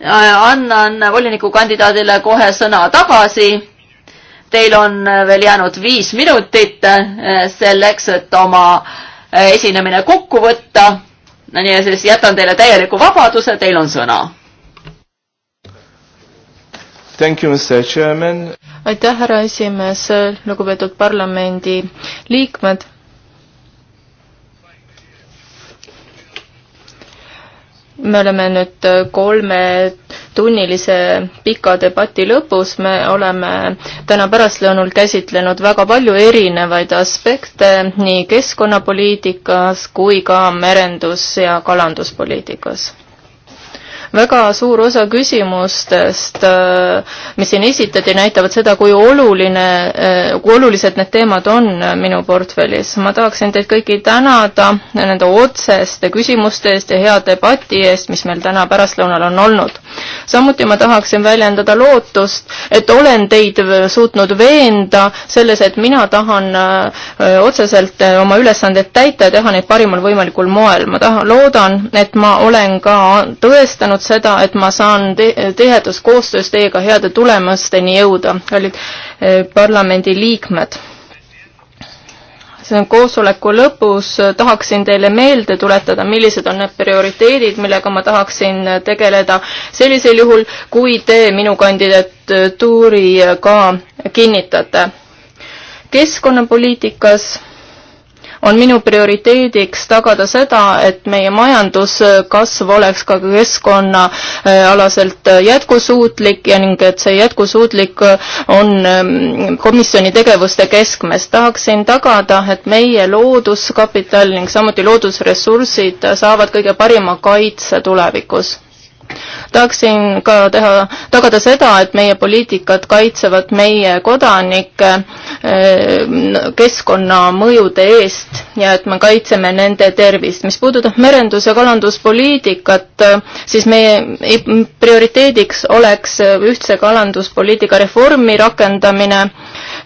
Äh, annan volinikukandidaadile kohe sõna tagasi. Teil on veel jäänud viis minutit äh, selleks, et oma äh, esinemine kokku võtta. nii, siis jätan teile täieliku vabaduse, teil on sõna. Thank you, Mr Chairman. aitäh, härra esimees, lugupeetud parlamendi liikmed me oleme nüüd äh, kolmetunnilise pika debati lõpus, me oleme täna pärastlõunul käsitlenud väga palju erinevaid aspekte nii keskkonnapoliitikas kui ka merendus- ja kalanduspoliitikas väga suur osa küsimustest, äh, mis siin esitati, näitavad seda, kui oluline, äh, kui olulised need teemad on äh, minu portfellis. ma tahaksin teid kõiki tänada nende otseste küsimuste eest ja hea debati eest, mis meil täna pärastlõunal on olnud samuti ma tahaksin väljendada lootust, et olen teid suutnud veenda selles, et mina tahan äh, otseselt äh, oma ülesandeid täita ja teha neid parimal võimalikul moel. ma tahan, loodan, et ma olen ka tõestanud seda, et ma saan te tihedas koostöös teiega heade tulemusteni jõuda, kallid äh, parlamendiliikmed koosoleku lõpus tahaksin teile meelde tuletada, millised on need prioriteedid, millega ma tahaksin tegeleda sellisel juhul, kui te minu kandidatuuri ka kinnitate. keskkonnapoliitikas on minu prioriteediks tagada seda, et meie majanduskasv oleks ka keskkonnaalaselt jätkusuutlik ja ning et see jätkusuutlik on ähm, komisjoni tegevuste keskmes. tahaksin tagada, et meie looduskapital ning samuti loodusressursid saavad kõige parima kaitse tulevikus tahaksin ka teha, tagada seda, et meie poliitikad kaitsevad meie kodanikke eh, keskkonnamõjude eest ja et me kaitseme nende tervist. mis puudutab merendus- ja kalanduspoliitikat, siis meie prioriteediks oleks ühtse kalanduspoliitika reformi rakendamine,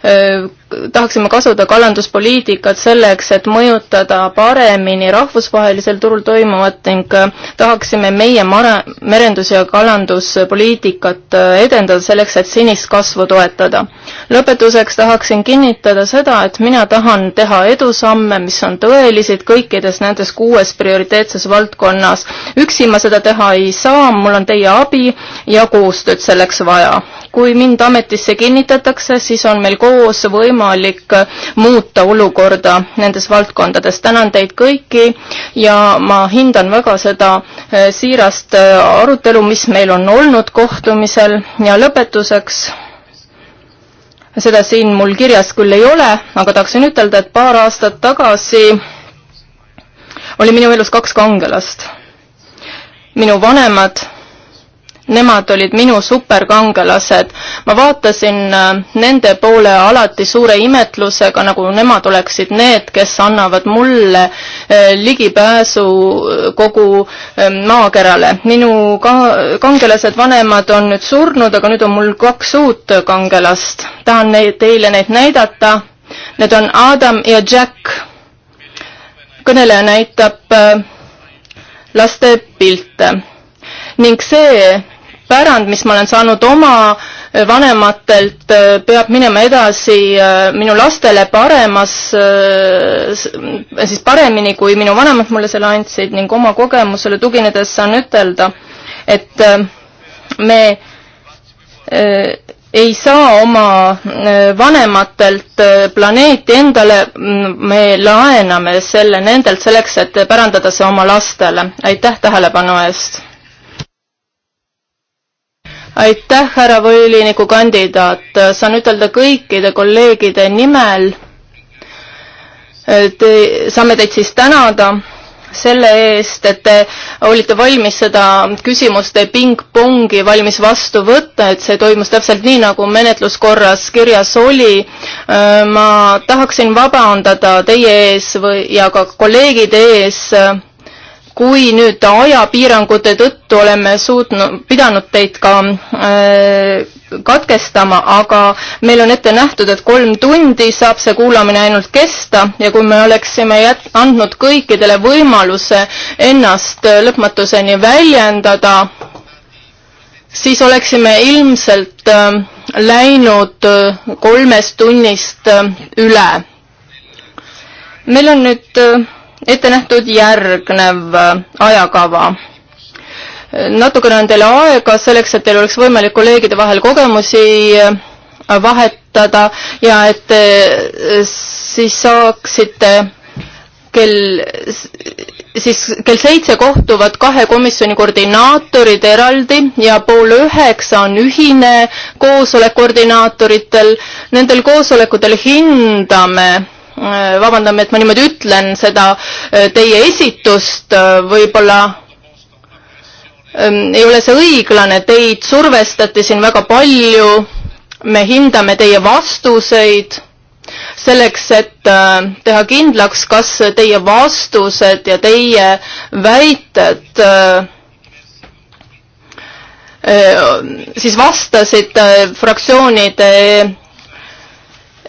eh, tahaksime kasutada kalanduspoliitikat selleks, et mõjutada paremini rahvusvahelisel turul toimuvat ning äh, tahaksime meie mare, merendus- ja kalanduspoliitikat äh, edendada selleks, et sinist kasvu toetada. lõpetuseks tahaksin kinnitada seda, et mina tahan teha edusamme, mis on tõelised kõikides nendes kuues prioriteetses valdkonnas. üksi ma seda teha ei saa, mul on teie abi ja koostööd selleks vaja. kui mind ametisse kinnitatakse, siis on meil koos võimalus võimalik äh, muuta olukorda nendes valdkondades. tänan teid kõiki ja ma hindan väga seda äh, siirast äh, arutelu, mis meil on olnud kohtumisel ja lõpetuseks seda siin mul kirjas küll ei ole, aga tahaksin ütelda, et paar aastat tagasi oli minu elus kaks kangelast. minu vanemad Nemad olid minu superkangelased. ma vaatasin äh, nende poole alati suure imetlusega, nagu nemad oleksid need, kes annavad mulle äh, ligipääsu äh, kogu maakerale. minu ka-, kangelased vanemad on nüüd surnud, aga nüüd on mul kaks uut kangelast. tahan neid, teile neid näidata. Need on Adam ja Jack. kõneleja näitab laste pilte ning see pärand, mis ma olen saanud oma äh, vanematelt, äh, peab minema edasi äh, minu lastele paremas, siis paremini, kui minu vanemad mulle selle andsid ning oma kogemusele tuginedes saan ütelda, et me ei saa oma vanematelt planeeti endale, me laename selle nendelt selleks, et pärandada see oma lastele. aitäh tähelepanu eest! aitäh, härra volinikukandidaat, saan ütelda kõikide kolleegide nimel, et saame teid siis tänada selle eest, et te olite valmis seda küsimuste pingpongi valmis vastu võtta, et see toimus täpselt nii, nagu menetluskorras kirjas oli. ma tahaksin vabandada teie ees või, ja ka kolleegide ees kui nüüd ajapiirangute tõttu oleme suutnud, pidanud teid ka äh, katkestama, aga meil on ette nähtud, et kolm tundi saab see kuulamine ainult kesta ja kui me oleksime jät-, andnud kõikidele võimaluse ennast lõpmatuseni väljendada, siis oleksime ilmselt äh, läinud äh, kolmest tunnist äh, üle. meil on nüüd äh, ette nähtud järgnev äh, ajakava. natukene on teil aega selleks, et teil oleks võimalik kolleegide vahel kogemusi äh, vahetada ja et äh, siis saaksite kell, siis kell seitse kohtuvad kahe komisjoni koordinaatorid eraldi ja pool üheksa on ühine koosolek koordinaatoritel. Nendel koosolekutel hindame Äh, vabandame, et ma niimoodi ütlen, seda äh, teie esitust, äh, võib-olla ähm, ei ole see õiglane, teid survestati siin väga palju, me hindame teie vastuseid selleks, et teha kindlaks, kas teie vastused ja teie väited siis vastasid fraktsioonide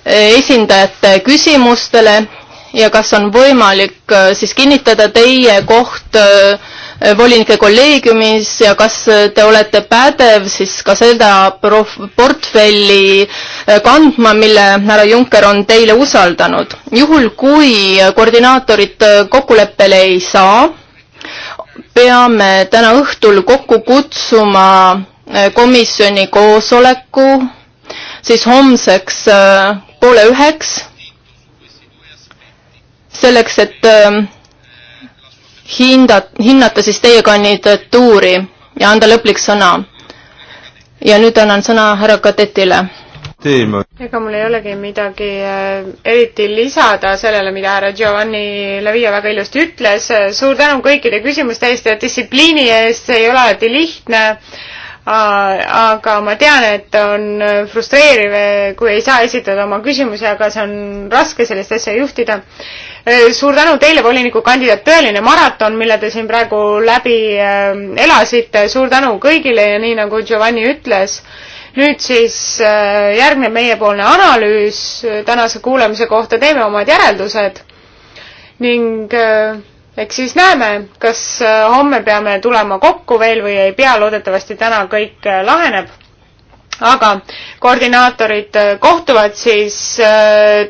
Eh, esindajate küsimustele ja kas on võimalik eh, siis kinnitada teie koht eh, volinike kolleegiumis ja kas te olete pädev siis ka seda portfelli kandma, mille härra Juncker on teile usaldanud. juhul, kui koordinaatorid kokkuleppele ei saa, peame täna õhtul kokku kutsuma komisjoni koosoleku siis homseks poole üheks, selleks, et ähm, hinda, hinnata siis teie kandidatuuri ja anda lõplik sõna. ja nüüd annan sõna härra Kadetile. ega mul ei olegi midagi äh, eriti lisada sellele, mida härra Giovanni Lavia väga ilusti ütles. suur tänu kõikide küsimuste eest ja distsipliini eest, see ei ole alati lihtne aga ma tean, et on frustreeriv, kui ei saa esitada oma küsimusi, aga see on raske sellist asja juhtida. E, suur tänu teile, volinikukandidaat, tõeline maraton, mille te siin praegu läbi e, elasite, suur tänu kõigile ja nii nagu Giovanni ütles, nüüd siis e, järgneb meiepoolne analüüs tänase kuulamise kohta, teeme omad järeldused ning äh, eks siis näeme, kas äh, homme peame tulema kokku veel või ei pea, loodetavasti täna kõik äh, laheneb. aga koordinaatorid äh, kohtuvad siis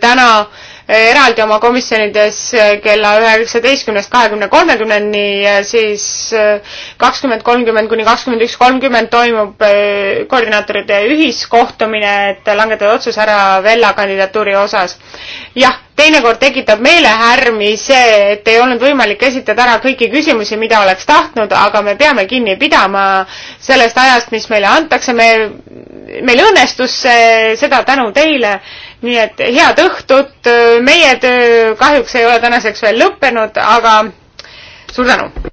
täna Eh, eraldi oma komisjonides eh, kella üheksateistkümnest kahekümne kolmekümneni, siis eh, kakskümmend kolmkümmend kuni kakskümmend üks kolmkümmend toimub koordinaatorite ühiskohtumine, et langetada otsus ära Vella kandidatuuri osas. jah, teinekord tekitab meelehärmi see, et ei olnud võimalik esitada ära kõiki küsimusi, mida oleks tahtnud, aga me peame kinni pidama sellest ajast, mis meile antakse, me meil õnnestus see, seda tänu teile. nii et head õhtut, meie töö kahjuks ei ole tänaseks veel lõppenud, aga suur tänu!